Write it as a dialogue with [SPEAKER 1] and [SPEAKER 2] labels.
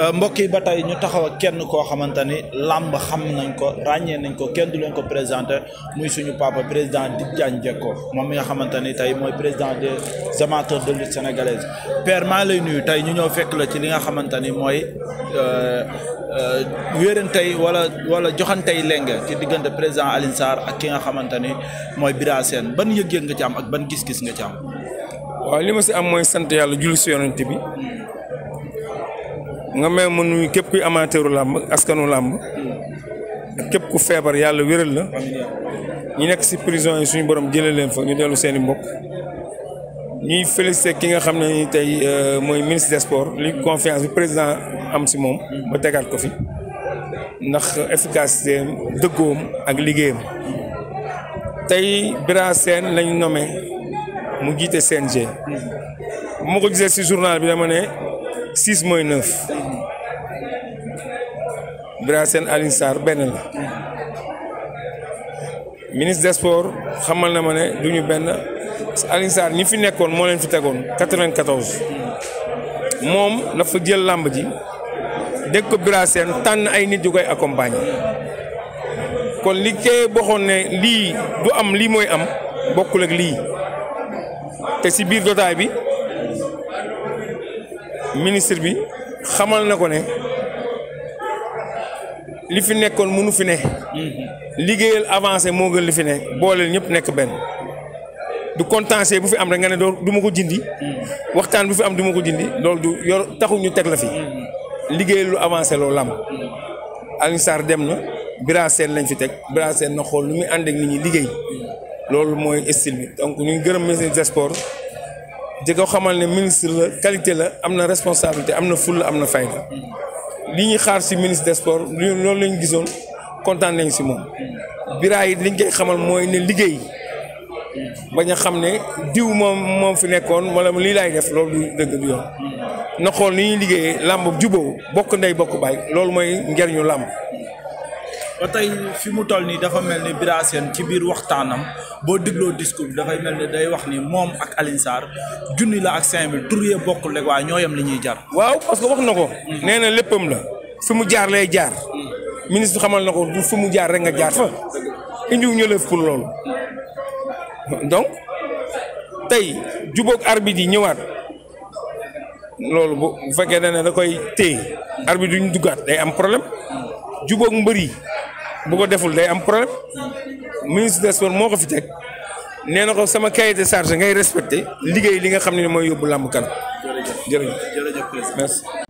[SPEAKER 1] Euh, mbokk yi ba tey ñu taxaw ak kenn koo xamante ni làmb xam nañ ko ràññee nañ ko kenn du leen ko présenté muy suñu papa président di Diagne Diecko moom mi nga xamante ni tey mooy président des amateurs de lutte sénégalaise père lay nuyu tey ñu ñëw fekk la ci li nga xamante ni mooy euh, euh, wéerantey wala wala joxantey lenge ci diggante président Alioune ak ki nga xamante ni mooy Bira Sène ban yëg-yëg nga ci am ak ban gis-gis nga ci am. waaw li ma si am mooy sant yàlla julli si
[SPEAKER 2] bi. Hmm. nga may mu nuyu képp kuy amateuru làmb askanu làmb képp ku feebar yàlla wéral la ñu nekk si prison yi suñu borom jëlee leen fa ñu dellu seeni i mbokk ñuy félicité ki nga xam ne ni tey euh, mooy ministre de sports li confiance bi président am si moom ba tegaat ko fi ndax efficacité dëggoom ak liggéeyam tey Bira Sène lañ nommé mu jiite CNG bu ma ko gisee si journal bi dama ne six mooy neuf Bira Sène Alioune Sarr benn la ministre des sports xamal na ma ne du ñu benn Alioune ñi fi nekkoon moo leen fi tegoon 94 moom dafa jël làmb ji dégg ko Bira Sène tànn ay nit yu koy accompagner kon li kay boxoon ne lii du am lii mooy am bokkul ak lii te si biir jotaay bi. ministre bi xamal na ko ne li fi nekkoon mënu fi ne. Mhm. liggéeyal avancé moo gën li fi ne booleel ñëpp nekk benn. du contentieux bu fi am rek nga ne doo du ma ko jindi. Mhm. waxtaan bu fi am duma ko jindi loolu du yor taxu ñu teg la fi. Mhm. liggéeyal lu avancé loolu lam Alioune dem na Bira Sène lañ fi teg Bira Sène na xool nu muy ànd ak nit ñi liggéey. loolu mooy style bi donc ñu ngi gërëm ministre sport di xamal ne ministre la qualité la am na responsabilité am na la am na fayda li ñuy xaar si ministre des sports loolu lañu gisoon kontaan nañ si moom biraa yi liñ koy xamal mooy ne liggéey bañ a xam ne diw moom moom fi nekkoon wala li laay def loolu du dëgg du yoon na xool ni ñuy liggéeyee làmb juboo bokk ndey bokk baay loolu mooy njariñu làmb
[SPEAKER 1] ba tey fi mu toll nii dafa mel ni Bira ci biir waxtaanam boo digloo discours bi dafay mel ni day wax ni moom ak Alioune Sarr junni la ak 5000 tur yee bokkul rek waaye ñoo yam li ñuy jar. waaw parce que wax na ko. Mm-hmm. nee na léppam la. fu mu jaar lay jaar. Mm-hmm.
[SPEAKER 2] ministre xamal na ko du fu mu jaar rek nga jaar fa. Mm-hmm. indiw ñu lëf pour loolu. donc tey jubóog arbitre yi ñëwaat loolu bu fekkee ne da koy téye arbitre duñ duggaat day am problème jubook mbër yi bu ko deful day am problème ministre des sports moo ko fi teg nee na ko sama cahier de charge ngay respecté liggéey li nga xam ne mooy yóbbu làmb kan.
[SPEAKER 1] jërëjëf jërëjëf merci.